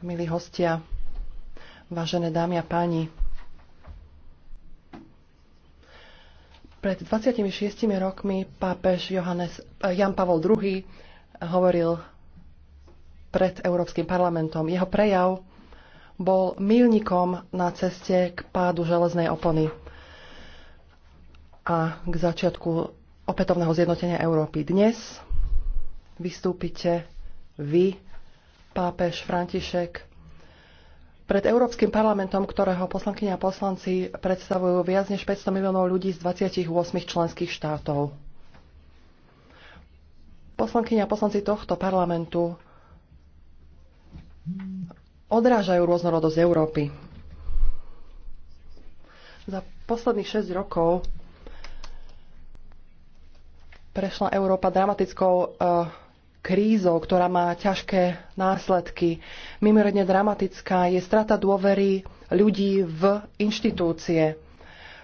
milí hostia, vážené dámy a páni. Pred 26 rokmi pápež Johannes, eh, Jan Pavol II hovoril pred Európskym parlamentom. Jeho prejav bol milníkom na ceste k pádu železnej opony a k začiatku opätovného zjednotenia Európy. Dnes vystúpite vy pápež František pred Európskym parlamentom, ktorého poslankyňa a poslanci predstavujú viac než 500 miliónov ľudí z 28 členských štátov. Poslankyňa a poslanci tohto parlamentu odrážajú rôznorodosť Európy. Za posledných 6 rokov prešla Európa dramatickou uh, krízou, ktorá má ťažké následky. Mimoriadne dramatická je strata dôvery ľudí v inštitúcie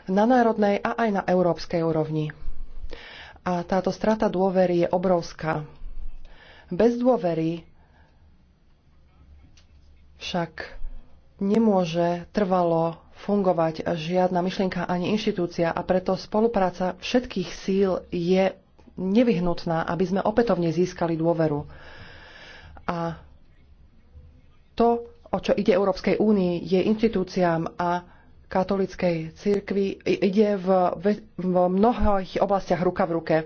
na národnej a aj na európskej úrovni. A táto strata dôvery je obrovská. Bez dôvery však nemôže trvalo fungovať žiadna myšlienka ani inštitúcia a preto spolupráca všetkých síl je nevyhnutná, aby sme opätovne získali dôveru. A to, o čo ide Európskej únii, je inštitúciám a katolickej cirkvi ide v, v mnohých oblastiach ruka v ruke.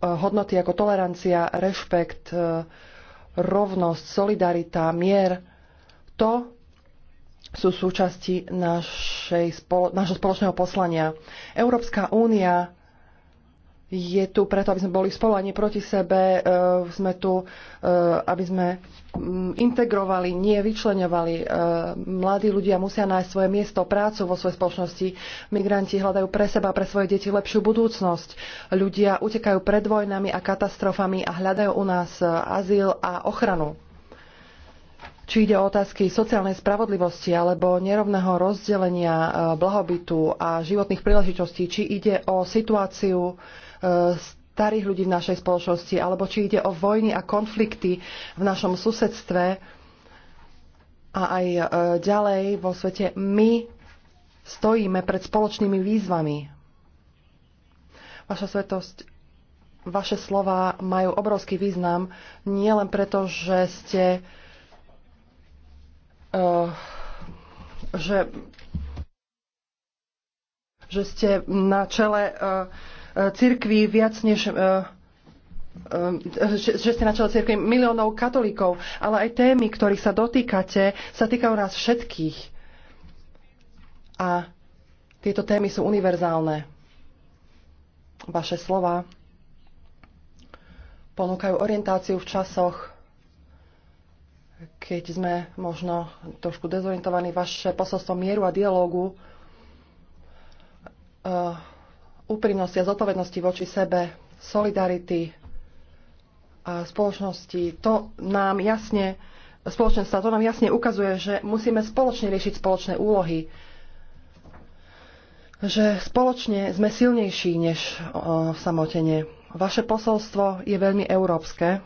Hodnoty ako tolerancia, rešpekt, e, rovnosť, solidarita, mier, to sú súčasti našej, nášho spoločného poslania. Európska únia je tu preto, aby sme boli spolu a nie proti sebe. E, sme tu, e, aby sme mm, integrovali, nie vyčlenovali. E, mladí ľudia musia nájsť svoje miesto, prácu vo svojej spoločnosti. Migranti hľadajú pre seba, pre svoje deti lepšiu budúcnosť. Ľudia utekajú pred vojnami a katastrofami a hľadajú u nás azyl a ochranu. Či ide o otázky sociálnej spravodlivosti alebo nerovného rozdelenia blahobytu a životných príležitostí, či ide o situáciu, E, starých ľudí v našej spoločnosti, alebo či ide o vojny a konflikty v našom susedstve a aj e, ďalej vo svete, my stojíme pred spoločnými výzvami. Vaša svetosť, vaše slova majú obrovský význam, nielen preto, že ste uh, že že ste na čele uh, cirkví viac než e, e, e, že ste na čele cirkvi miliónov katolíkov, ale aj témy, ktorých sa dotýkate, sa týkajú nás všetkých. A tieto témy sú univerzálne. Vaše slova ponúkajú orientáciu v časoch, keď sme možno trošku dezorientovaní. Vaše posolstvo mieru a dialógu uh, úprimnosti a zodpovednosti voči sebe, solidarity a spoločnosti, to nám jasne, spoločenstva, to nám jasne ukazuje, že musíme spoločne riešiť spoločné úlohy, že spoločne sme silnejší než v samotene. Vaše posolstvo je veľmi európske,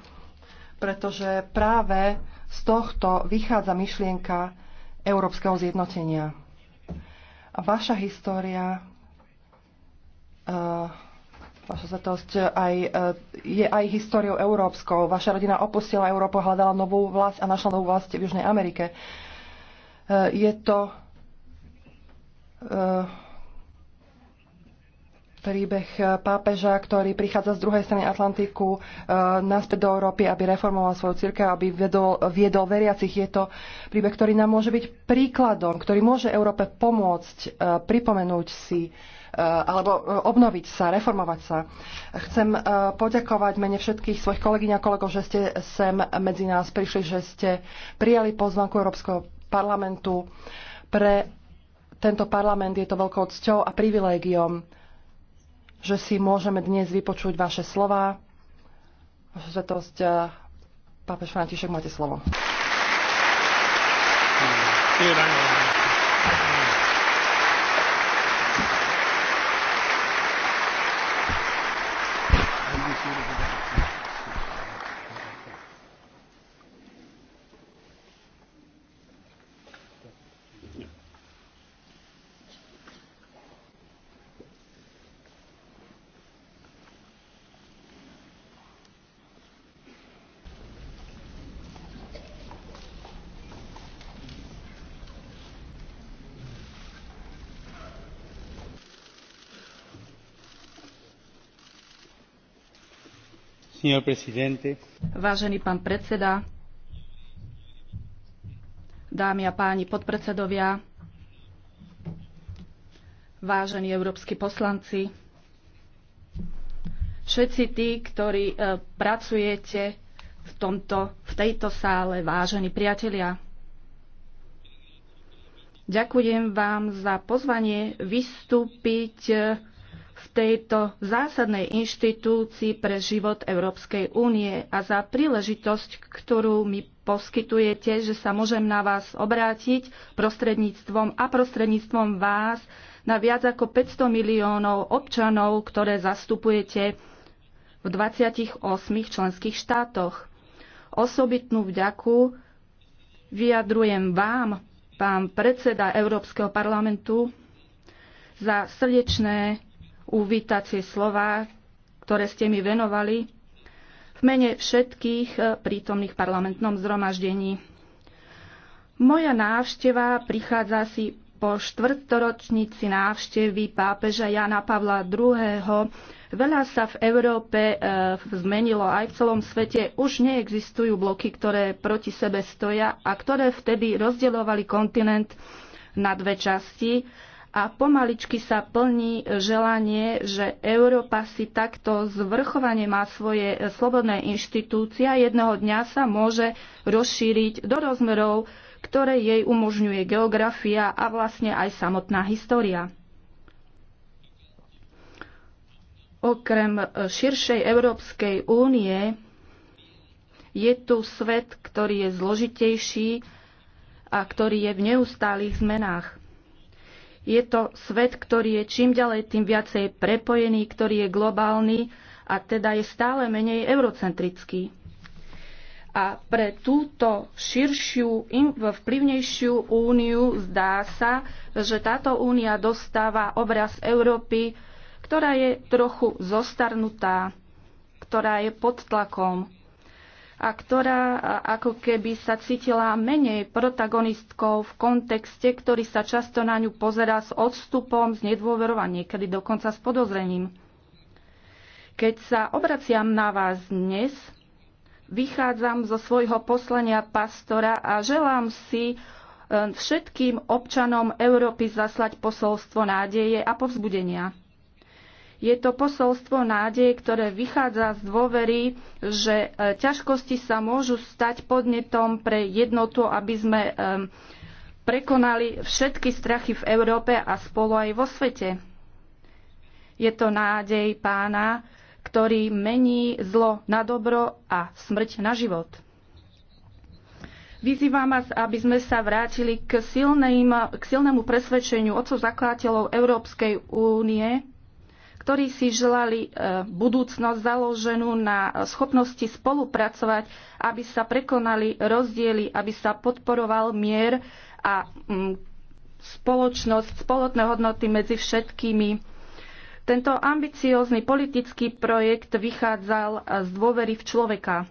pretože práve z tohto vychádza myšlienka európskeho zjednotenia. A vaša história Eh, vaša zatosť aj, eh, je aj históriou európskou. Vaša rodina opustila Európu, hľadala novú vlast a našla novú vlast v Južnej Amerike. Eh, je to príbeh pápeža, ktorý prichádza z druhej strany Atlantiku e, naspäť do Európy, aby reformoval svoju církev, aby vedol, viedol veriacich. Je to príbeh, ktorý nám môže byť príkladom, ktorý môže Európe pomôcť e, pripomenúť si e, alebo e, obnoviť sa, reformovať sa. Chcem e, poďakovať mene všetkých svojich kolegyň a kolegov, že ste sem medzi nás prišli, že ste prijali pozvanku Európskeho parlamentu. Pre tento parlament je to veľkou cťou a privilégiom že si môžeme dnes vypočuť vaše slova. Vaša svetosť, eh, pápež František, máte slovo. Ďakujem. Vážený pán predseda, dámy a páni podpredsedovia, vážení európsky poslanci, všetci tí, ktorí e, pracujete v, tomto, v tejto sále, vážení priatelia. Ďakujem vám za pozvanie vystúpiť e, v tejto zásadnej inštitúcii pre život Európskej únie a za príležitosť, ktorú mi poskytujete, že sa môžem na vás obrátiť prostredníctvom a prostredníctvom vás na viac ako 500 miliónov občanov, ktoré zastupujete v 28 členských štátoch. Osobitnú vďaku vyjadrujem vám, pán predseda Európskeho parlamentu, za srdečné uvítacie slova, ktoré ste mi venovali v mene všetkých e, prítomných parlamentnom zhromaždení. Moja návšteva prichádza si po štvrtoročnici návštevy pápeža Jana Pavla II. Veľa sa v Európe e, zmenilo aj v celom svete. Už neexistujú bloky, ktoré proti sebe stoja a ktoré vtedy rozdielovali kontinent na dve časti a pomaličky sa plní želanie, že Európa si takto zvrchovane má svoje slobodné inštitúcie a jedného dňa sa môže rozšíriť do rozmerov, ktoré jej umožňuje geografia a vlastne aj samotná história. Okrem širšej Európskej únie je tu svet, ktorý je zložitejší a ktorý je v neustálých zmenách. Je to svet, ktorý je čím ďalej tým viacej prepojený, ktorý je globálny a teda je stále menej eurocentrický. A pre túto širšiu, vplyvnejšiu úniu zdá sa, že táto únia dostáva obraz Európy, ktorá je trochu zostarnutá, ktorá je pod tlakom, a ktorá ako keby sa cítila menej protagonistkou v kontexte, ktorý sa často na ňu pozerá s odstupom, s nedôverovaním, a niekedy dokonca s podozrením. Keď sa obraciam na vás dnes, vychádzam zo svojho poslania pastora a želám si e, všetkým občanom Európy zaslať posolstvo nádeje a povzbudenia. Je to posolstvo nádeje, ktoré vychádza z dôvery, že e, ťažkosti sa môžu stať podnetom pre jednotu, aby sme e, prekonali všetky strachy v Európe a spolu aj vo svete. Je to nádej pána, ktorý mení zlo na dobro a smrť na život. Vyzývam vás, aby sme sa vrátili k, silným, k silnému presvedčeniu otcov zakladateľov Európskej únie, ktorí si želali e, budúcnosť založenú na schopnosti spolupracovať, aby sa prekonali rozdiely, aby sa podporoval mier a mm, spoločnosť, spoločné hodnoty medzi všetkými. Tento ambiciózny politický projekt vychádzal z dôvery v človeka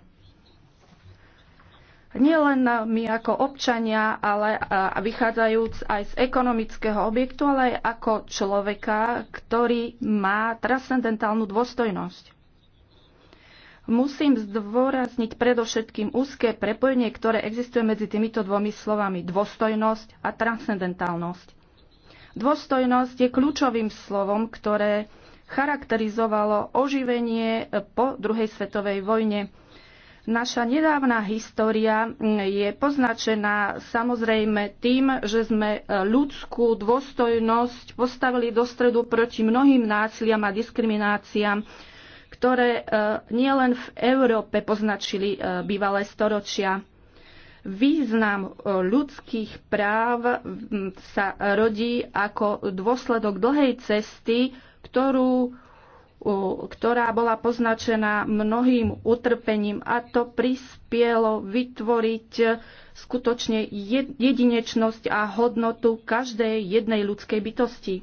nielen my ako občania, ale vychádzajúc aj z ekonomického objektu, ale aj ako človeka, ktorý má transcendentálnu dôstojnosť. Musím zdôrazniť predovšetkým úzké prepojenie, ktoré existuje medzi týmito dvomi slovami dôstojnosť a transcendentálnosť. Dôstojnosť je kľúčovým slovom, ktoré charakterizovalo oživenie po druhej svetovej vojne Naša nedávna história mm, je poznačená samozrejme tým, že sme e, ľudskú dôstojnosť postavili do stredu proti mnohým násiliam a diskrimináciám, ktoré e, nielen v Európe poznačili e, bývalé storočia. Význam ľudských práv sa rodí ako dôsledok dlhej cesty, ktorú ktorá bola poznačená mnohým utrpením a to prispielo vytvoriť skutočne jedinečnosť a hodnotu každej jednej ľudskej bytosti.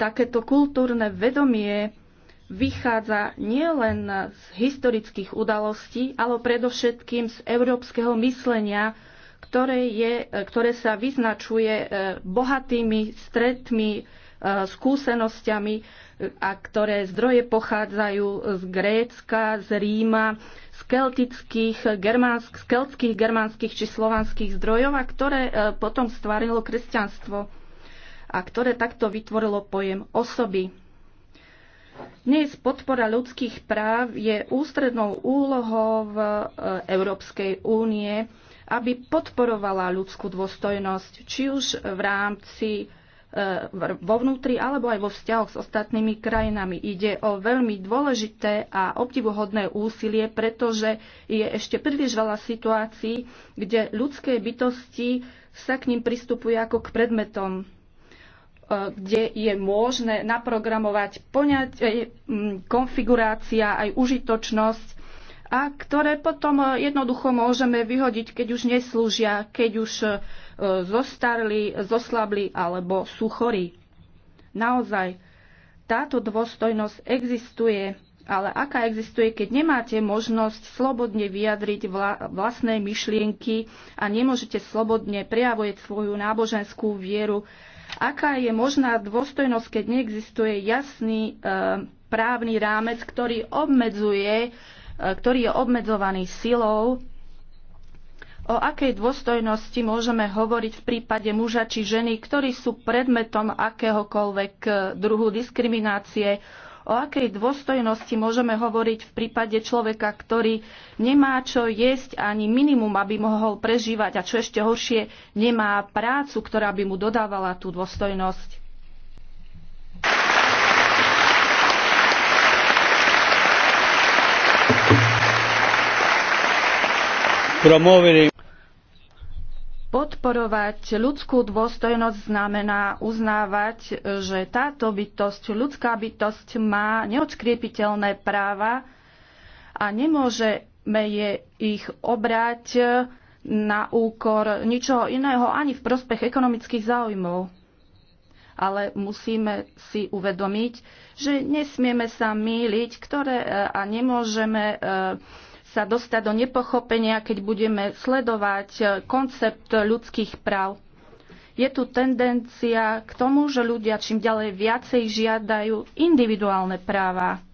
Takéto kultúrne vedomie vychádza nielen z historických udalostí, ale predovšetkým z európskeho myslenia, ktoré, je, ktoré sa vyznačuje eh, bohatými stretmi skúsenosťami a ktoré zdroje pochádzajú z Grécka, z Ríma, z keltických, germánsk, z keltských, germánskych či slovanských zdrojov a ktoré e, potom stvárilo kresťanstvo a ktoré takto vytvorilo pojem osoby. Dnes podpora ľudských práv je ústrednou úlohou v e, Európskej únie, aby podporovala ľudskú dôstojnosť, či už v rámci vo vnútri alebo aj vo vzťahoch s ostatnými krajinami. Ide o veľmi dôležité a obdivuhodné úsilie, pretože je ešte príliš veľa situácií, kde ľudské bytosti sa k ním pristupuje ako k predmetom e, kde je možné naprogramovať poňať, e, konfigurácia aj užitočnosť a ktoré potom e, jednoducho môžeme vyhodiť, keď už neslúžia, keď už zostarli, zoslabli alebo sú chorí. Naozaj, táto dôstojnosť existuje, ale aká existuje, keď nemáte možnosť slobodne vyjadriť vla, vlastné myšlienky a nemôžete slobodne prejavovať svoju náboženskú vieru? Aká je možná dôstojnosť, keď neexistuje jasný e, právny rámec, ktorý obmedzuje e, ktorý je obmedzovaný silou O akej dôstojnosti môžeme hovoriť v prípade muža či ženy, ktorí sú predmetom akéhokoľvek eh, druhu diskriminácie? O akej dôstojnosti môžeme hovoriť v prípade človeka, ktorý nemá čo jesť ani minimum, aby mohol prežívať a čo ešte horšie, nemá prácu, ktorá by mu dodávala tú dôstojnosť? promuovere Podporovať ľudskú dôstojnosť znamená uznávať, že táto bytosť, ľudská bytosť má neodškriepiteľné práva a nemôžeme je ich obrať na úkor ničoho iného ani v prospech ekonomických záujmov. Ale musíme si uvedomiť, že nesmieme sa míliť ktoré, a nemôžeme e, sa dostať do nepochopenia, keď budeme sledovať eh, koncept ľudských práv. Je tu tendencia k tomu, že ľudia čím ďalej viacej žiadajú individuálne práva.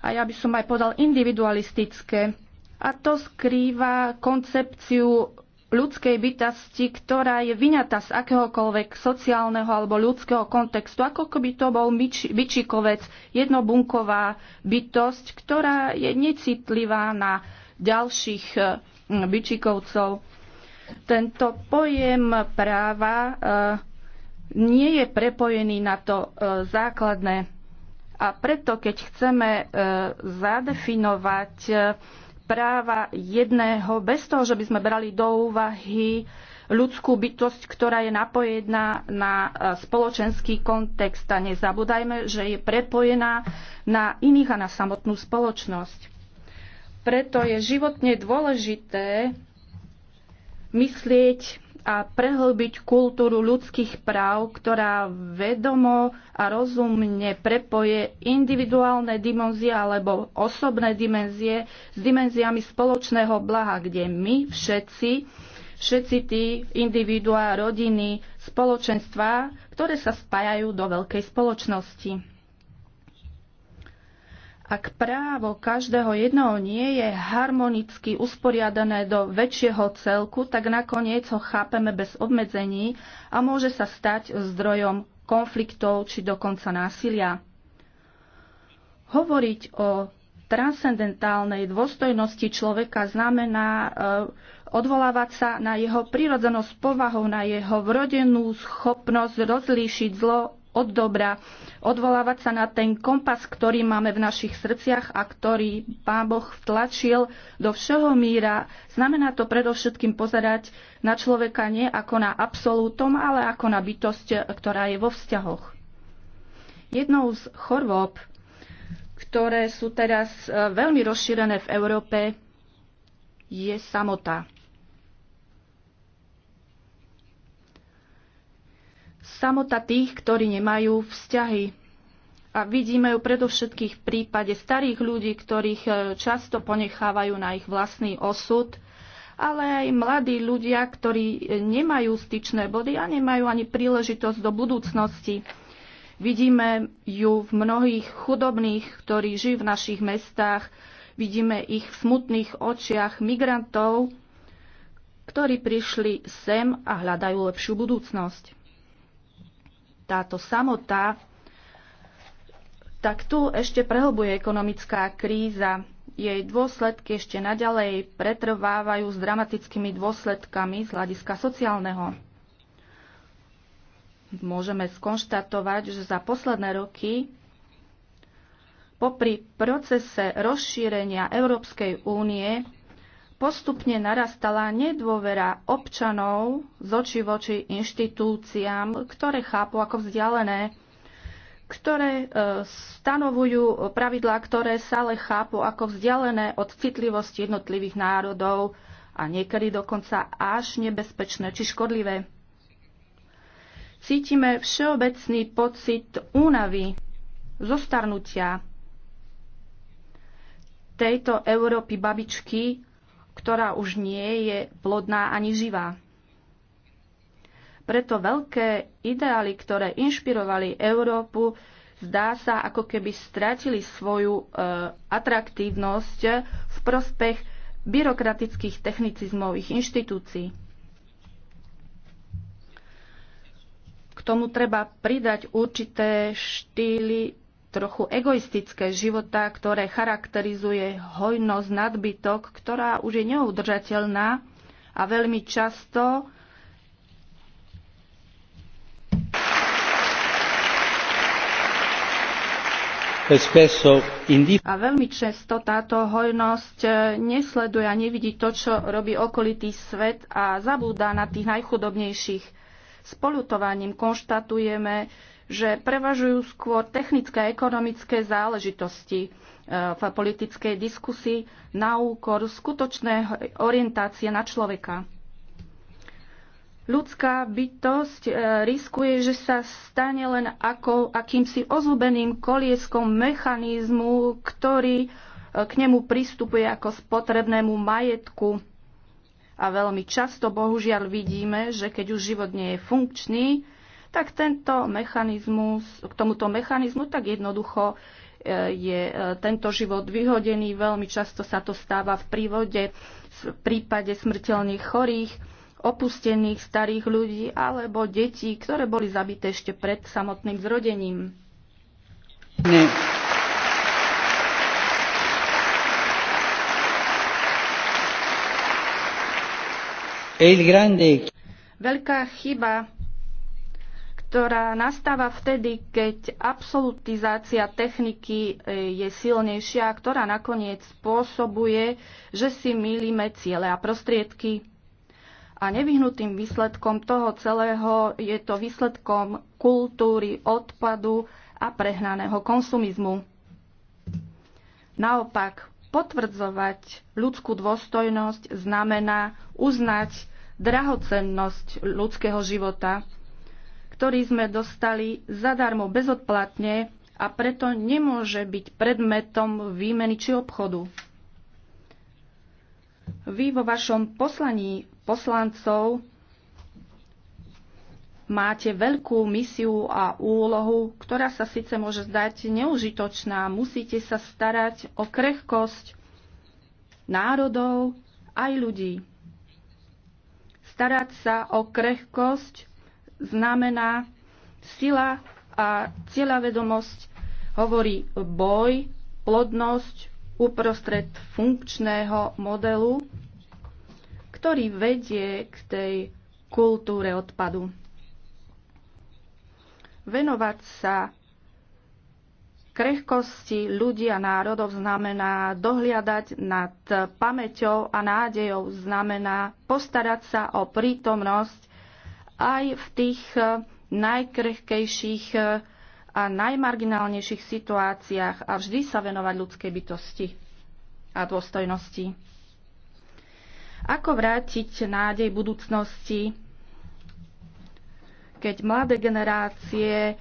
A ja by som aj podal individualistické. A to skrýva koncepciu ľudskej bytosti, ktorá je vyňatá z akéhokoľvek sociálneho alebo ľudského kontextu, ako by to bol byčikovec, jednobunková bytosť, ktorá je necitlivá na ďalších byčikovcov. Hm, Tento pojem práva eh, nie je prepojený na to eh, základné. A preto, keď chceme eh, zadefinovať práva jedného bez toho, že by sme brali do úvahy ľudskú bytosť, ktorá je napojená na e, spoločenský kontext. A nezabúdajme, že je prepojená na iných a na samotnú spoločnosť. Preto je životne dôležité myslieť a prehlbiť kultúru ľudských práv, ktorá vedomo a rozumne prepoje individuálne dimenzie alebo osobné dimenzie s dimenziami spoločného blaha, kde my všetci, všetci tí individuá, rodiny, spoločenstva, ktoré sa spájajú do veľkej spoločnosti. Ak právo každého jedného nie je harmonicky usporiadané do väčšieho celku, tak nakoniec ho chápeme bez obmedzení a môže sa stať zdrojom konfliktov či dokonca násilia. Hovoriť o transcendentálnej dôstojnosti človeka znamená e, odvolávať sa na jeho prirodzenosť povahou, na jeho vrodenú schopnosť rozlíšiť zlo od dobra, odvolávať sa na ten kompas, ktorý máme v našich srdciach a ktorý Pán Boh vtlačil do všeho míra. Znamená to predovšetkým pozerať na človeka nie ako na absolútom, ale ako na bytosť, ktorá je vo vzťahoch. Jednou z chorôb, ktoré sú teraz e, veľmi rozšírené v Európe, je samota. samota tých, ktorí nemajú vzťahy. A vidíme ju predovšetkých v prípade starých ľudí, ktorých e, často ponechávajú na ich vlastný osud, ale aj mladí ľudia, ktorí e, nemajú styčné body a nemajú ani príležitosť do budúcnosti. Vidíme ju v mnohých chudobných, ktorí žijú v našich mestách, vidíme ich v smutných očiach migrantov, ktorí prišli sem a hľadajú lepšiu budúcnosť táto samota, tak tu ešte prehlbuje ekonomická kríza. Jej dôsledky ešte naďalej pretrvávajú s dramatickými dôsledkami z hľadiska sociálneho. Môžeme skonštatovať, že za posledné roky popri procese rozšírenia Európskej únie postupne narastala nedôvera občanov z oči voči inštitúciám, ktoré chápu ako vzdialené, ktoré e, stanovujú pravidlá, ktoré sa ale chápu ako vzdialené od citlivosti jednotlivých národov a niekedy dokonca až nebezpečné či škodlivé. Cítime všeobecný pocit únavy, zostarnutia tejto Európy babičky ktorá už nie je plodná ani živá. Preto veľké ideály, ktoré inšpirovali Európu, zdá sa, ako keby stratili svoju e, atraktívnosť v prospech byrokratických technicizmových inštitúcií. K tomu treba pridať určité štýly trochu egoistické života, ktoré charakterizuje hojnosť, nadbytok, ktorá už je neudržateľná a veľmi často e A veľmi často táto hojnosť e, nesleduje a nevidí to, čo robí okolitý svet a zabúda na tých najchudobnejších. S polutovaním konštatujeme, že prevažujú skôr technické a ekonomické záležitosti e, v politickej diskusii na úkor skutočnej orientácie na človeka. Ľudská bytosť e, riskuje, že sa stane len ako akýmsi ozubeným kolieskom mechanizmu, ktorý e, k nemu pristupuje ako spotrebnému majetku. A veľmi často, bohužiaľ, vidíme, že keď už život nie je funkčný, tak tento mechanizmus, k tomuto mechanizmu tak jednoducho e, je e, tento život vyhodený. Veľmi často sa to stáva v prívode, v prípade smrteľných chorých, opustených starých ľudí alebo detí, ktoré boli zabité ešte pred samotným zrodením. Ne. Veľká chyba ktorá nastáva vtedy, keď absolutizácia techniky e, je silnejšia, ktorá nakoniec spôsobuje, že si mýlime ciele a prostriedky. A nevyhnutým výsledkom toho celého je to výsledkom kultúry odpadu a prehnaného konsumizmu. Naopak, potvrdzovať ľudskú dôstojnosť znamená uznať drahocennosť ľudského života ktorý sme dostali zadarmo, bezodplatne a preto nemôže byť predmetom výmeny či obchodu. Vy vo vašom poslaní poslancov máte veľkú misiu a úlohu, ktorá sa síce môže zdať neužitočná. Musíte sa starať o krehkosť národov aj ľudí. Starať sa o krehkosť znamená sila a vedomosť, hovorí boj, plodnosť uprostred funkčného modelu, ktorý vedie k tej kultúre odpadu. Venovať sa krehkosti ľudí a národov znamená dohliadať nad pamäťou a nádejou, znamená postarať sa o prítomnosť aj v tých e, najkrehkejších e, a najmarginálnejších situáciách a vždy sa venovať ľudskej bytosti a dôstojnosti. Ako vrátiť nádej budúcnosti, keď mladé generácie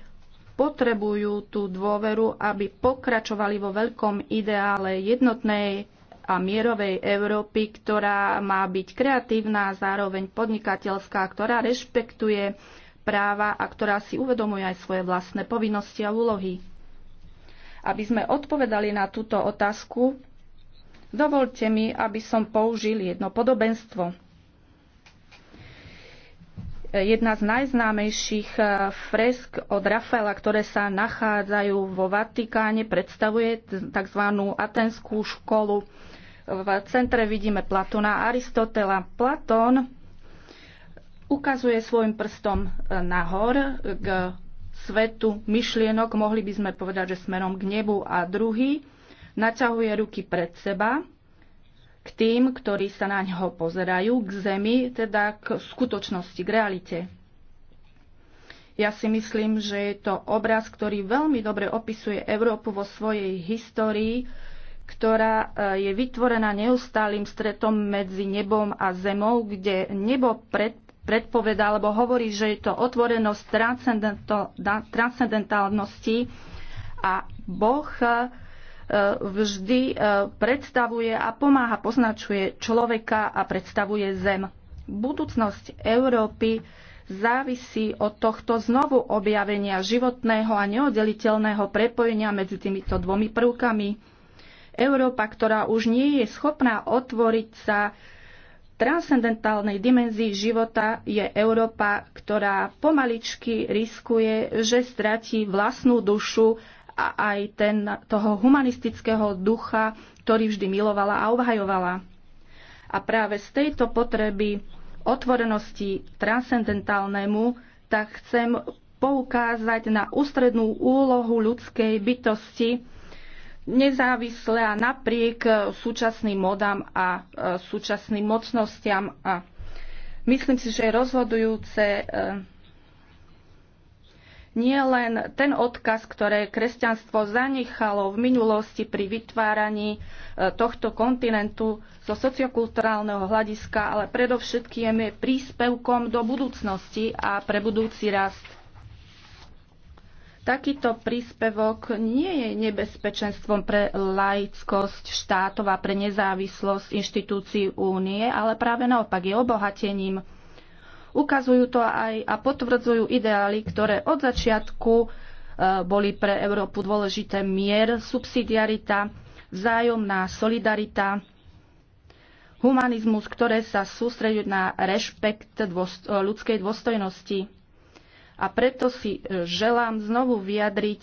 potrebujú tú dôveru, aby pokračovali vo veľkom ideále jednotnej a mierovej Európy, ktorá má byť kreatívna, zároveň podnikateľská, ktorá rešpektuje práva a ktorá si uvedomuje aj svoje vlastné povinnosti a úlohy. Aby sme odpovedali na túto otázku, dovolte mi, aby som použil jedno podobenstvo. Jedna z najznámejších eh, fresk od Rafaela, ktoré sa nachádzajú vo Vatikáne, predstavuje tzv. atenskú školu v centre vidíme Platona Aristotela. Platón ukazuje svojim prstom e, nahor k svetu myšlienok, mohli by sme povedať, že smerom k nebu a druhý naťahuje ruky pred seba k tým, ktorí sa na ňoho pozerajú, k zemi, teda k skutočnosti, k realite. Ja si myslím, že je to obraz, ktorý veľmi dobre opisuje Európu vo svojej histórii, ktorá e, je vytvorená neustálým stretom medzi nebom a zemou, kde nebo pred, predpoveda alebo hovorí, že je to otvorenosť transcendentálnosti a Boh e, vždy e, predstavuje a pomáha, poznačuje človeka a predstavuje zem. Budúcnosť Európy závisí od tohto znovu objavenia životného a neoddeliteľného prepojenia medzi týmito dvomi prvkami Európa, ktorá už nie je schopná otvoriť sa transcendentálnej dimenzii života, je Európa, ktorá pomaličky riskuje, že stratí vlastnú dušu a aj ten, toho humanistického ducha, ktorý vždy milovala a obhajovala. A práve z tejto potreby otvorenosti transcendentálnemu, tak chcem poukázať na ústrednú úlohu ľudskej bytosti, nezávisle a napriek e, súčasným modám a e, súčasným mocnostiam. A myslím si, že je rozhodujúce e, nie len ten odkaz, ktoré kresťanstvo zanechalo v minulosti pri vytváraní tohto kontinentu zo sociokulturálneho hľadiska, ale predovšetkým je príspevkom do budúcnosti a pre budúci rast. Takýto príspevok nie je nebezpečenstvom pre laickosť štátov a pre nezávislosť inštitúcií únie, ale práve naopak je obohatením. Ukazujú to aj a potvrdzujú ideály, ktoré od začiatku e, boli pre Európu dôležité mier, subsidiarita, vzájomná solidarita, humanizmus, ktoré sa sústredujú na rešpekt ľudskej dôstojnosti. A preto si e, želám znovu vyjadriť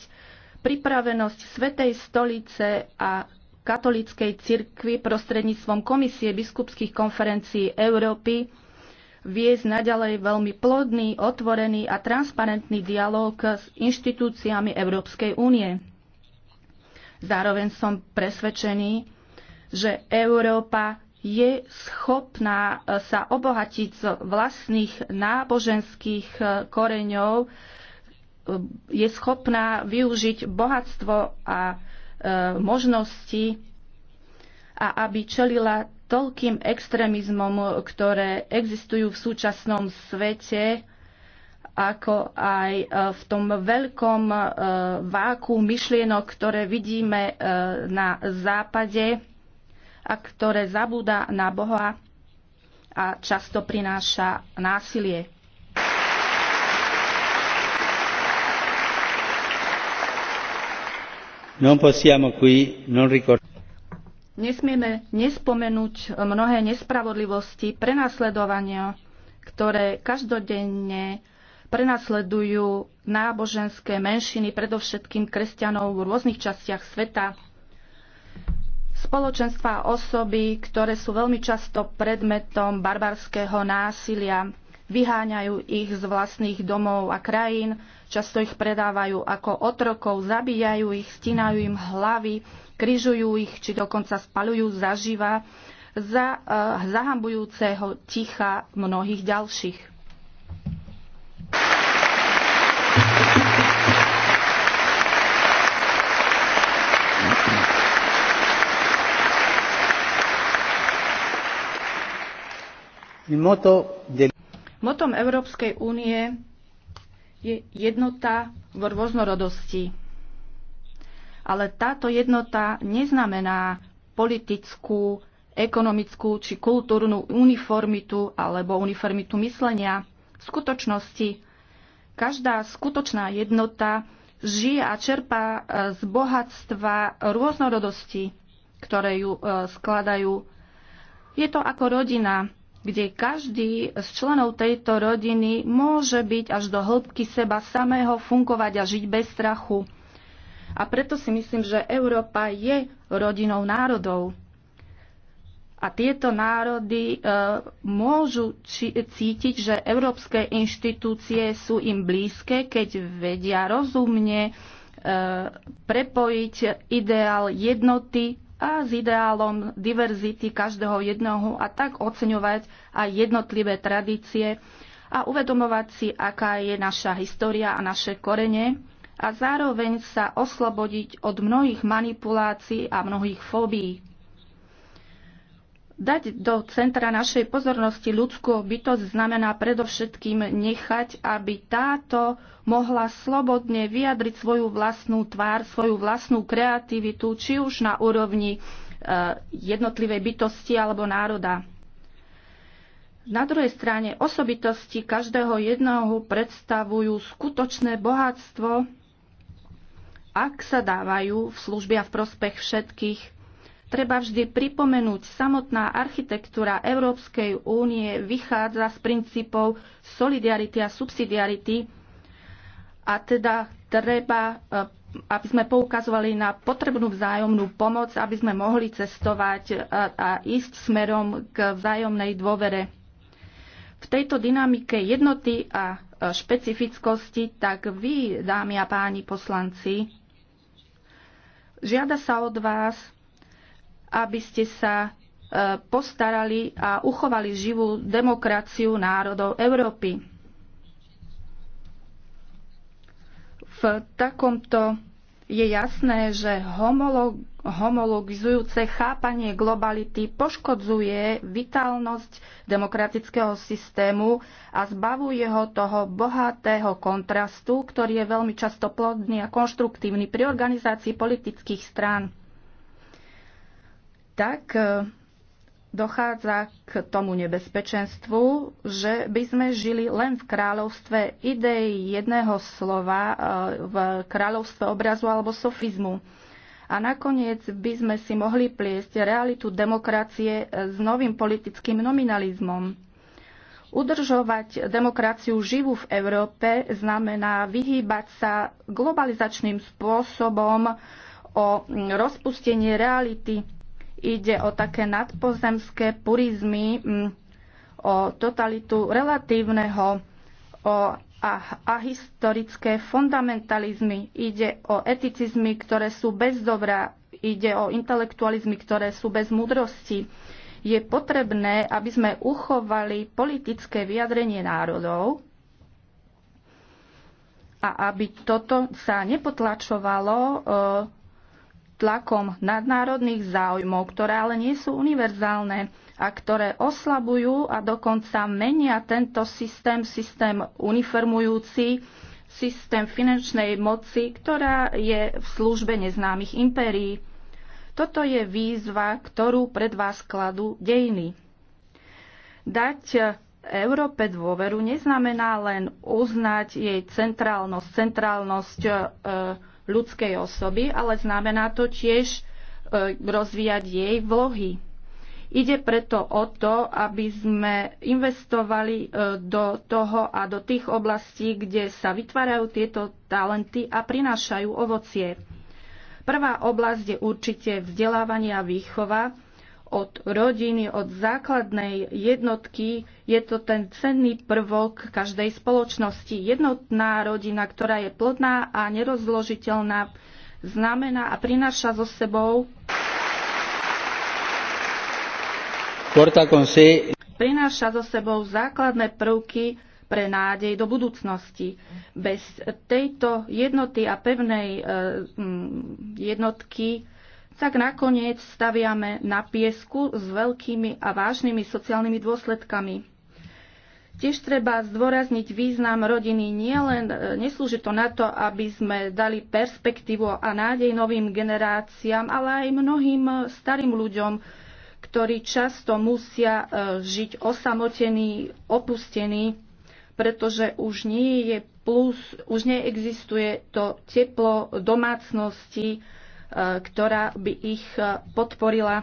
pripravenosť Svetej stolice a katolíckej cirkvi prostredníctvom Komisie biskupských konferencií Európy viesť naďalej veľmi plodný, otvorený a transparentný dialog s inštitúciami Európskej únie. Zároveň som presvedčený, že Európa je schopná e, sa obohatiť z vlastných náboženských e, koreňov, e, je schopná využiť bohatstvo a možnosti a aby čelila toľkým extrémizmom, ktoré existujú v súčasnom svete, ako aj v tom veľkom váku myšlienok, ktoré vidíme na západe a ktoré zabúda na Boha a často prináša násilie. Non possiamo qui non Nesmieme nespomenúť mnohé nespravodlivosti, prenasledovania, ktoré každodenne prenasledujú náboženské menšiny, predovšetkým kresťanov v rôznych častiach sveta spoločenstva a osoby, ktoré sú veľmi často predmetom barbarského násilia. Vyháňajú ich z vlastných domov a krajín, často ich predávajú ako otrokov, zabíjajú ich, stínajú im hlavy, kryžujú ich, či dokonca spalujú zaživa za eh, zahambujúceho ticha mnohých ďalších. Motom Európskej únie je jednota v rôznorodosti. Ale táto jednota neznamená politickú, ekonomickú či kultúrnu uniformitu alebo uniformitu myslenia. V skutočnosti každá skutočná jednota žije a čerpá e, z bohatstva rôznorodosti, ktoré ju e, skladajú. Je to ako rodina, kde každý z členov tejto rodiny môže byť až do hĺbky seba samého fungovať a žiť bez strachu. A preto si myslím, že Európa je rodinou národov. A tieto národy e, môžu či, cítiť, že európske inštitúcie sú im blízke, keď vedia rozumne e, prepojiť ideál jednoty a s ideálom diverzity každého jednoho a tak oceňovať aj jednotlivé tradície a uvedomovať si, aká je naša história a naše korene a zároveň sa oslobodiť od mnohých manipulácií a mnohých fóbií. Dať do centra našej pozornosti ľudskú bytosť znamená predovšetkým nechať, aby táto mohla slobodne vyjadriť svoju vlastnú tvár, svoju vlastnú kreativitu, či už na úrovni e, jednotlivej bytosti alebo národa. Na druhej strane osobitosti každého jednoho predstavujú skutočné bohatstvo, ak sa dávajú v službe a v prospech všetkých treba vždy pripomenúť, samotná architektúra Európskej únie vychádza z princípov solidarity a subsidiarity a teda treba, eh, aby sme poukazovali na potrebnú vzájomnú pomoc, aby sme mohli cestovať eh, a ísť smerom k vzájomnej dôvere. V tejto dynamike jednoty a eh, špecifickosti, tak vy, dámy a páni poslanci, žiada sa od vás aby ste sa e, postarali a uchovali živú demokraciu národov Európy. V takomto je jasné, že homolog, homologizujúce chápanie globality poškodzuje vitálnosť demokratického systému a zbavuje ho toho bohatého kontrastu, ktorý je veľmi často plodný a konštruktívny pri organizácii politických strán tak e, dochádza k tomu nebezpečenstvu, že by sme žili len v kráľovstve idei jedného slova, e, v kráľovstve obrazu alebo sofizmu. A nakoniec by sme si mohli pliesť realitu demokracie s novým politickým nominalizmom. Udržovať demokraciu živú v Európe znamená vyhýbať sa globalizačným spôsobom o rozpustenie reality Ide o také nadpozemské purizmy, mm, o totalitu relatívneho o a, a historické fundamentalizmy. Ide o eticizmy, ktoré sú bez dobra, ide o intelektualizmy, ktoré sú bez múdrosti. Je potrebné, aby sme uchovali politické vyjadrenie národov, a aby toto sa nepotlačovalo e, tlakom nadnárodných záujmov, ktoré ale nie sú univerzálne a ktoré oslabujú a dokonca menia tento systém, systém uniformujúci, systém finančnej moci, ktorá je v službe neznámych impérií. Toto je výzva, ktorú pred vás kladú dejiny. Dať Európe dôveru neznamená len uznať jej centrálnosť, centrálnosť e, ľudskej osoby, ale znamená to tiež e, rozvíjať jej vlohy. Ide preto o to, aby sme investovali e, do toho a do tých oblastí, kde sa vytvárajú tieto talenty a prinášajú ovocie. Prvá oblasť je určite vzdelávanie a výchova, od rodiny, od základnej jednotky. Je to ten cenný prvok každej spoločnosti. Jednotná rodina, ktorá je plodná a nerozložiteľná, znamená a prináša so sebou prináša so sebou základné prvky pre nádej do budúcnosti. Bez tejto jednoty a pevnej eh, jednotky tak nakoniec staviame na piesku s veľkými a vážnymi sociálnymi dôsledkami. Tiež treba zdôrazniť význam rodiny. Nielen, e, neslúži to na to, aby sme dali perspektívu a nádej novým generáciám, ale aj mnohým e, starým ľuďom, ktorí často musia e, žiť osamotení, opustení, pretože už nie je plus, už neexistuje to teplo domácnosti, ktorá by ich e, podporila.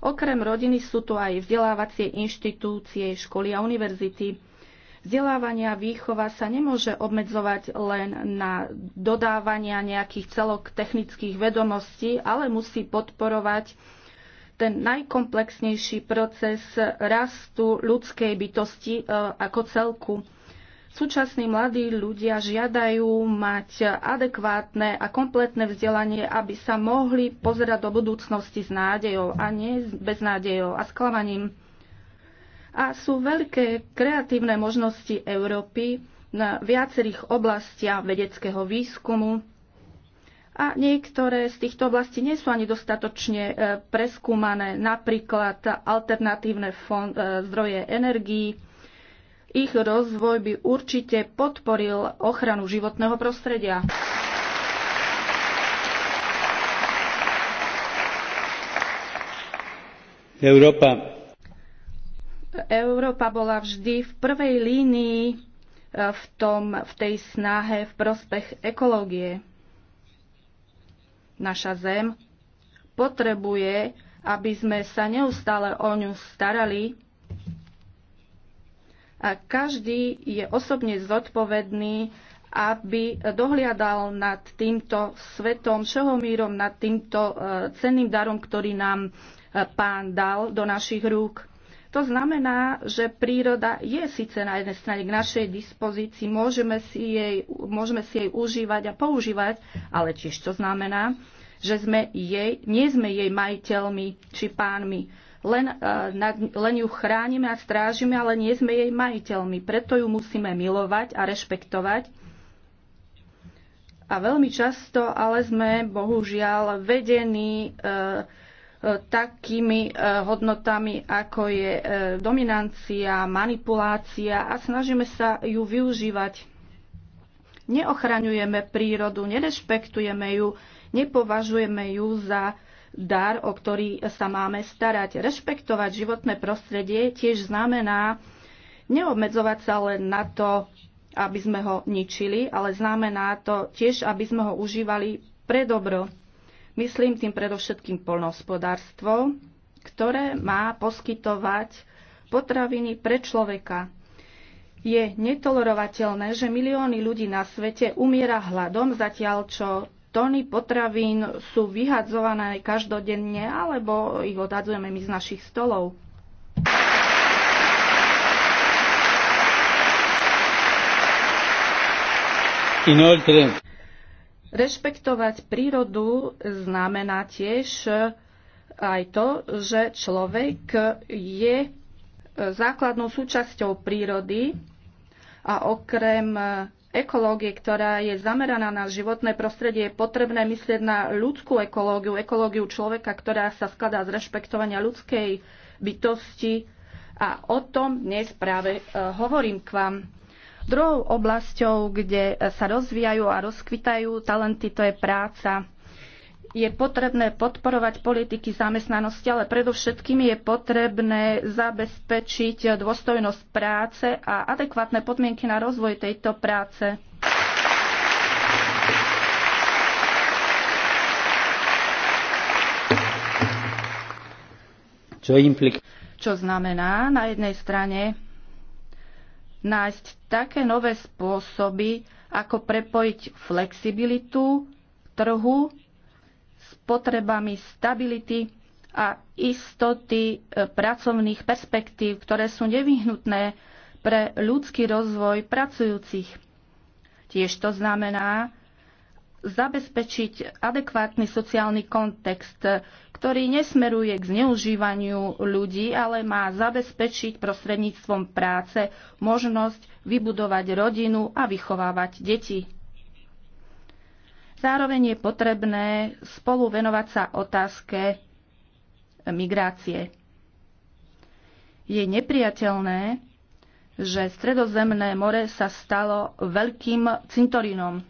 Okrem rodiny sú tu aj vzdelávacie inštitúcie, školy a univerzity. Vzdelávania a výchova sa nemôže obmedzovať len na dodávania nejakých celok technických vedomostí, ale musí podporovať ten najkomplexnejší proces rastu ľudskej bytosti e, ako celku. Súčasní mladí ľudia žiadajú mať adekvátne a kompletné vzdelanie, aby sa mohli pozerať do budúcnosti s nádejou a nie bez nádejou a sklamaním. A sú veľké kreatívne možnosti Európy na viacerých oblastiach vedeckého výskumu, a niektoré z týchto oblastí nie sú ani dostatočne e, preskúmané, napríklad alternatívne fond, e, zdroje energií, ich rozvoj by určite podporil ochranu životného prostredia. Európa. Európa bola vždy v prvej línii e, v, tom, v tej snahe v prospech ekológie. Naša zem potrebuje, aby sme sa neustále o ňu starali, a každý je osobne zodpovedný, aby dohliadal nad týmto svetom, šehomírom, nad týmto e, cenným darom, ktorý nám e, pán dal do našich rúk. To znamená, že príroda je síce na jednej strane k našej dispozícii, môžeme si jej, môžeme si jej užívať a používať, ale tiež to znamená, že sme jej, nie sme jej majiteľmi či pánmi len, eh, len ju chránime a strážime, ale nie sme jej majiteľmi. Preto ju musíme milovať a rešpektovať. A veľmi často ale sme bohužiaľ vedení eh, eh, takými hodnotami, ako je dominancia, manipulácia a snažíme sa ju využívať. Neochraňujeme prírodu, nerešpektujeme ju, nepovažujeme ju za dar, o ktorý sa máme starať. Rešpektovať životné prostredie tiež znamená neobmedzovať sa len na to, aby sme ho ničili, ale znamená to tiež, aby sme ho užívali pre dobro. Myslím tým predovšetkým polnohospodárstvo, ktoré má poskytovať potraviny pre človeka. Je netolerovateľné, že milióny ľudí na svete umiera hladom, zatiaľ čo tony potravín sú vyhadzované každodenne, alebo ich odhadzujeme my z našich stolov. Inoltre. Rešpektovať prírodu znamená tiež aj to, že človek je základnou súčasťou prírody a okrem ekológie, ktorá je zameraná na životné prostredie, je potrebné myslieť na ľudskú ekológiu, ekológiu človeka, ktorá sa skladá z rešpektovania ľudskej bytosti. A o tom dnes práve e, hovorím k vám. Druhou oblasťou, kde sa rozvíjajú a rozkvitajú talenty, to je práca je potrebné podporovať politiky zamestnanosti, ale predovšetkým je potrebné zabezpečiť dôstojnosť práce a adekvátne podmienky na rozvoj tejto práce. Čo, implik- čo znamená na jednej strane nájsť také nové spôsoby, ako prepojiť flexibilitu trhu potrebami stability a istoty e, pracovných perspektív, ktoré sú nevyhnutné pre ľudský rozvoj pracujúcich. Tiež to znamená zabezpečiť adekvátny sociálny kontext, e, ktorý nesmeruje k zneužívaniu ľudí, ale má zabezpečiť prostredníctvom práce možnosť vybudovať rodinu a vychovávať deti. Zároveň je potrebné spolu venovať sa otázke migrácie. Je nepriateľné, že Stredozemné more sa stalo veľkým cintorínom.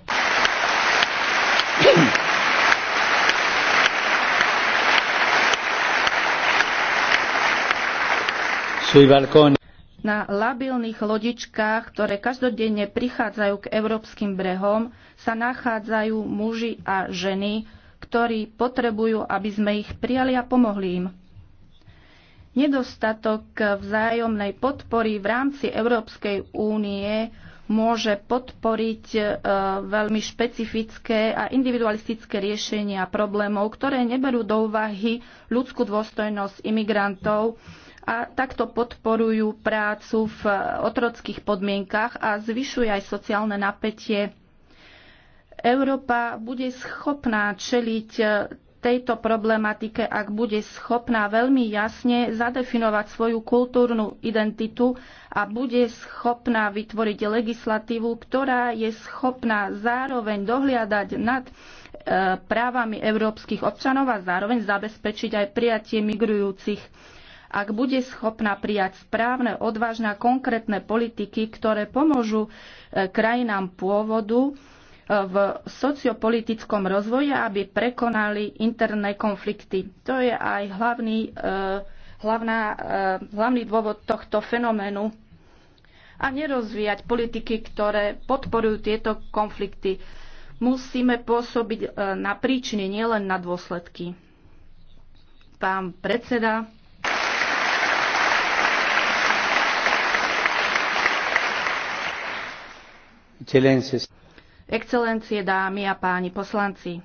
Sui balconi na labilných lodičkách, ktoré každodenne prichádzajú k európskym brehom, sa nachádzajú muži a ženy, ktorí potrebujú, aby sme ich prijali a pomohli im. Nedostatok vzájomnej podpory v rámci Európskej únie môže podporiť e, veľmi špecifické a individualistické riešenia problémov, ktoré neberú do úvahy ľudskú dôstojnosť imigrantov, a takto podporujú prácu v otrockých podmienkach a zvyšuje aj sociálne napätie. Európa bude schopná čeliť e, tejto problematike, ak bude schopná veľmi jasne zadefinovať svoju kultúrnu identitu a bude schopná vytvoriť legislatívu, ktorá je schopná zároveň dohliadať nad e, právami európskych občanov a zároveň zabezpečiť aj prijatie migrujúcich ak bude schopná prijať správne, odvážne a konkrétne politiky, ktoré pomôžu e, krajinám pôvodu e, v sociopolitickom rozvoji, aby prekonali interné konflikty. To je aj hlavný, e, hlavná, hlavný dôvod tohto fenoménu a nerozvíjať politiky, ktoré podporujú tieto konflikty. Musíme pôsobiť na príčiny, nielen na dôsledky. Pán predseda, Excelencie, dámy a páni poslanci.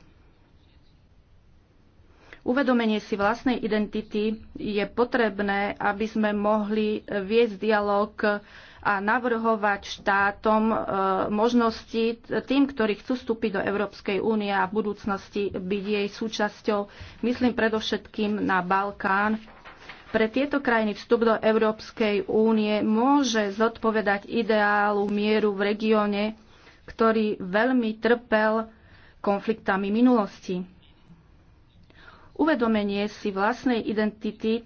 Uvedomenie si vlastnej identity je potrebné, aby sme mohli viesť dialog a navrhovať štátom e, možnosti tým, ktorí chcú vstúpiť do Európskej únie a v budúcnosti byť jej súčasťou. Myslím predovšetkým na Balkán, pre tieto krajiny vstup do Európskej únie môže zodpovedať ideálu mieru v regióne, ktorý veľmi trpel konfliktami minulosti. Uvedomenie si vlastnej identity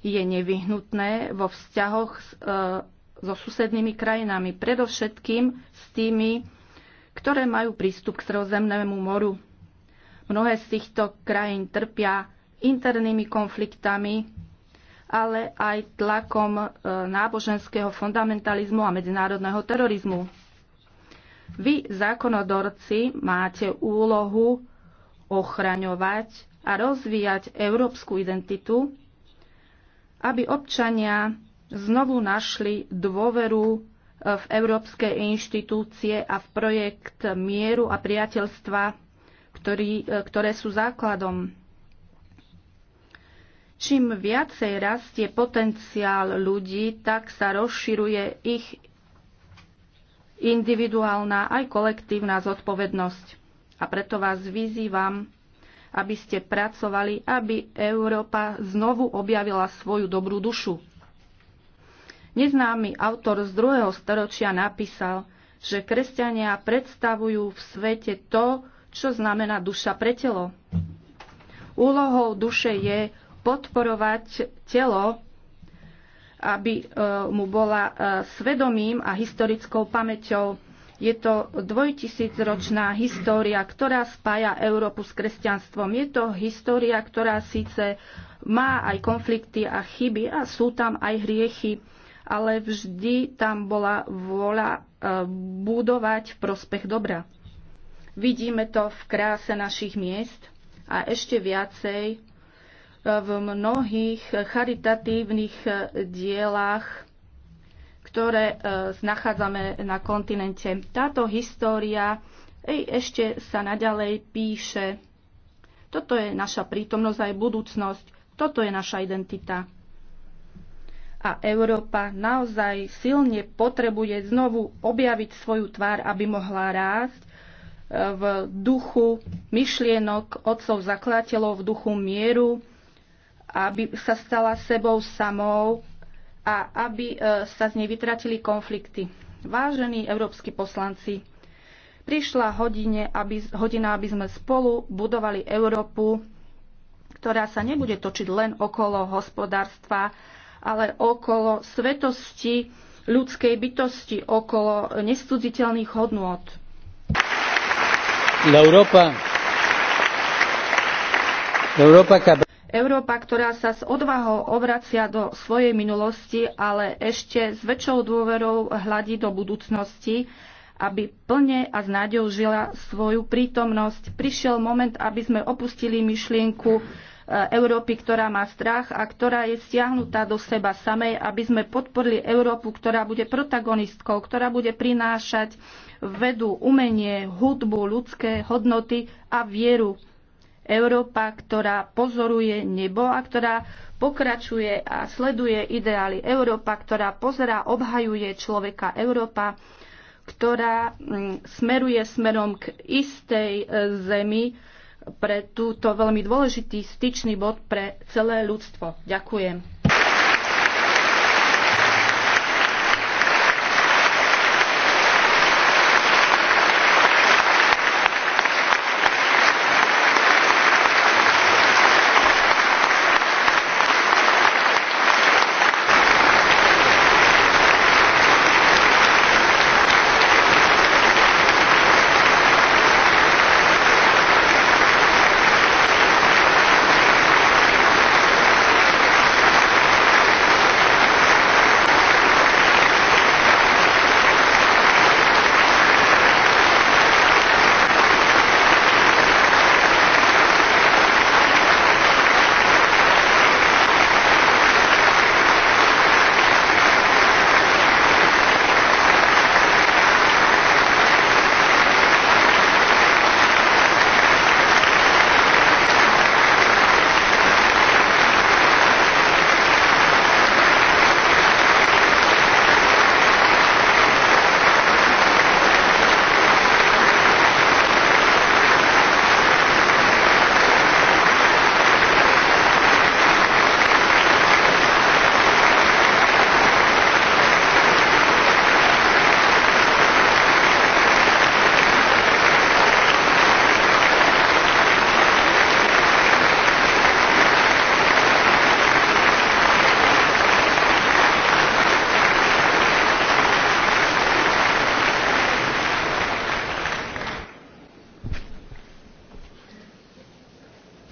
je nevyhnutné vo vzťahoch s, e, so susednými krajinami, predovšetkým s tými, ktoré majú prístup k Stredozemnému moru. Mnohé z týchto krajín trpia internými konfliktami ale aj tlakom e, náboženského fundamentalizmu a medzinárodného terorizmu. Vy, zákonodorci, máte úlohu ochraňovať a rozvíjať európsku identitu, aby občania znovu našli dôveru e, v európske inštitúcie a v projekt mieru a priateľstva, ktorý, e, ktoré sú základom Čím viacej rastie potenciál ľudí, tak sa rozširuje ich individuálna aj kolektívna zodpovednosť. A preto vás vyzývam, aby ste pracovali, aby Európa znovu objavila svoju dobrú dušu. Neznámy autor z druhého storočia napísal, že kresťania predstavujú v svete to, čo znamená duša pre telo. Úlohou duše je podporovať telo, aby e, mu bola e, svedomím a historickou pamäťou. Je to dvojtisícročná história, ktorá spája Európu s kresťanstvom. Je to história, ktorá síce má aj konflikty a chyby a sú tam aj hriechy, ale vždy tam bola vôľa e, budovať v prospech dobra. Vidíme to v kráse našich miest a ešte viacej v mnohých charitatívnych e, dielach, ktoré e, nachádzame na kontinente. Táto história ej, ešte sa naďalej píše. Toto je naša prítomnosť aj budúcnosť. Toto je naša identita. A Európa naozaj silne potrebuje znovu objaviť svoju tvár, aby mohla rásť e, v duchu myšlienok otcov zakladateľov, v duchu mieru, aby sa stala sebou samou a aby e, sa z nej vytratili konflikty. Vážení európsky poslanci, prišla hodine, aby, hodina, aby sme spolu budovali Európu, ktorá sa nebude točiť len okolo hospodárstva, ale okolo svetosti ľudskej bytosti, okolo nestudziteľných hodnôt. L'Europa, l'Europa Európa, ktorá sa s odvahou obracia do svojej minulosti, ale ešte s väčšou dôverou hľadí do budúcnosti, aby plne a s nádejou žila svoju prítomnosť. Prišiel moment, aby sme opustili myšlienku e, Európy, ktorá má strach a ktorá je stiahnutá do seba samej, aby sme podporili Európu, ktorá bude protagonistkou, ktorá bude prinášať vedu, umenie, hudbu, ľudské hodnoty a vieru Európa, ktorá pozoruje nebo a ktorá pokračuje a sleduje ideály. Európa, ktorá pozerá, obhajuje človeka. Európa, ktorá mm, smeruje smerom k istej e, zemi pre túto veľmi dôležitý styčný bod pre celé ľudstvo. Ďakujem.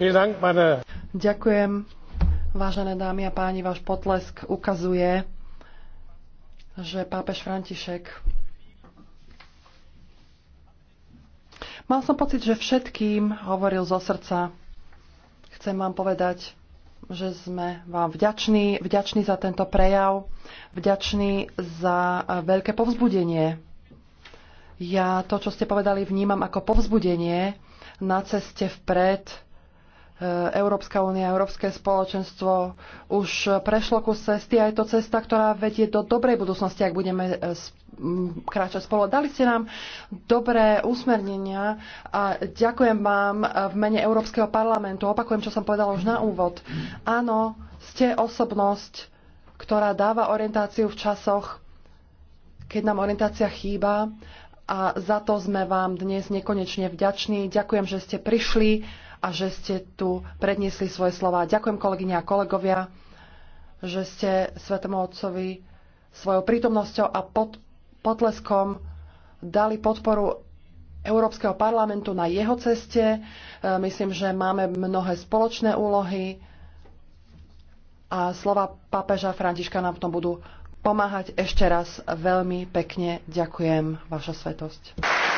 Ďakujem, vážené dámy a páni, váš potlesk ukazuje, že pápež František Mal som pocit, že všetkým hovoril zo srdca. Chcem vám povedať, že sme vám vďační, vďační za tento prejav, vďační za veľké povzbudenie. Ja to, čo ste povedali, vnímam ako povzbudenie na ceste vpred E, Európska únia, Európske spoločenstvo už prešlo ku cesty a je to cesta, ktorá vedie do dobrej budúcnosti, ak budeme e, kráčať spolu. Dali ste nám dobré usmernenia a ďakujem vám v mene Európskeho parlamentu. Opakujem, čo som povedala už na úvod. Áno, ste osobnosť, ktorá dáva orientáciu v časoch, keď nám orientácia chýba a za to sme vám dnes nekonečne vďační. Ďakujem, že ste prišli a že ste tu predniesli svoje slova. Ďakujem kolegyne a kolegovia, že ste Svetomu Otcovi svojou prítomnosťou a pod, potleskom dali podporu Európskeho parlamentu na jeho ceste. E, myslím, že máme mnohé spoločné úlohy a slova pápeža Františka nám v tom budú pomáhať. Ešte raz veľmi pekne ďakujem, Vaša Svetosť.